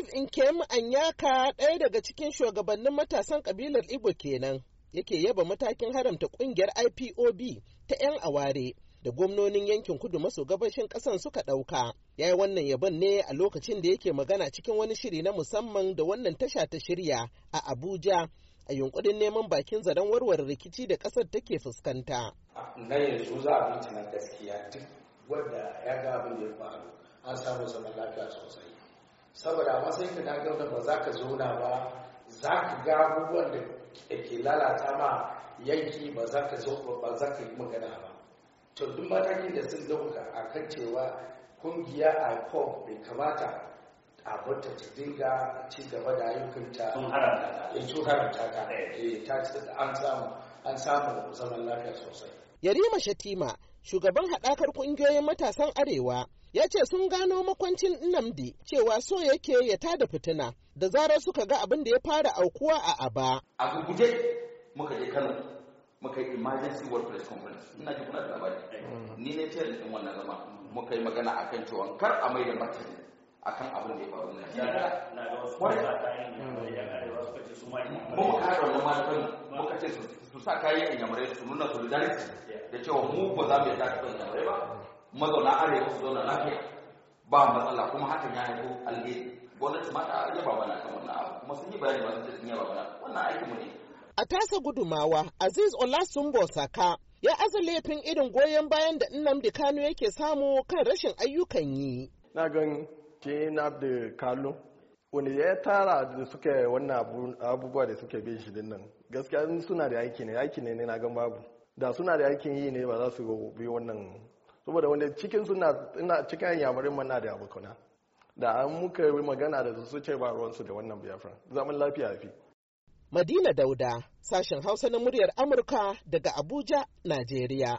Louis Nkem Anyaka ɗaya daga cikin shugabannin matasan kabilar Igbo kenan yake yaba matakin haramta ƙungiyar IPOB ta 'yan aware da gwamnonin yankin kudu maso gabashin ƙasan suka ɗauka. Ya yi wannan yabon ne a lokacin da yake magana cikin wani shiri na musamman da wannan tasha ta shirya a Abuja a yunkurin neman bakin zaren warware rikici da ƙasar take fuskanta. Na yanzu za a bincina gaskiya duk wanda ya ga abin da ya faru an samu zaman lafiya sosai. saboda a matsayinka na dagar ba za ka zauna ba za ka ga abubuwan da ke lalata ma yanki ba za ka zo ba za ka yi magana ba to duk matakin da sun dauka a kan cewa kungiya a bai kamata a barta ta dinga ci gaba da ayyukanta sun haramta ta eh, sun haramta ta eh, an samu zaman lafiya sosai yarima shatima shugaban haɗakar ƙungiyoyin matasan arewa ya ce sun gano makwancin nnamdi cewa so yake ya tada fitina da zarar suka ga abin da ya fara aukuwa a aba a guguje muka je kano muka yi emergency world press conference ina ji kuna da labari ni ne ce din wannan zama muka yi magana akan cewa kar a mai da martani akan abin da ya faru na na ga wasu ba ta yin da ya da wasu kace su ma mu ka da wannan ce su sa kayi a inyamurai su nuna solidarity da cewa mu ba za mu yarda taɓa inyamurai ba mazauna arewa su zauna lafiya ba matsala kuma hakan ya haifo alheri gwamnati ma ta yaba mana kan wannan abu kuma sun yi bayani ba sun ce sun yaba mana wannan aikinmu ne. a tasa gudumawa aziz olasunbo saka ya aza laifin irin goyon bayan da nnamdi kano yake samu kan rashin ayyukan yi. na gan ke na da kano wani ya tara da suke wannan abubuwa da suke bin shi dinnan gaskiya suna da aiki ne aiki ne na gan babu da suna da aikin yi ne ba za su bi wannan saboda wanda cikin suna ina cikin yamarin mana da abokana da an muka yi magana da su su ce ba ruwansu da wannan biyafra zaman lafiya fi Madina Dauda, sashen Hausa na muryar Amurka daga Abuja, Najeriya.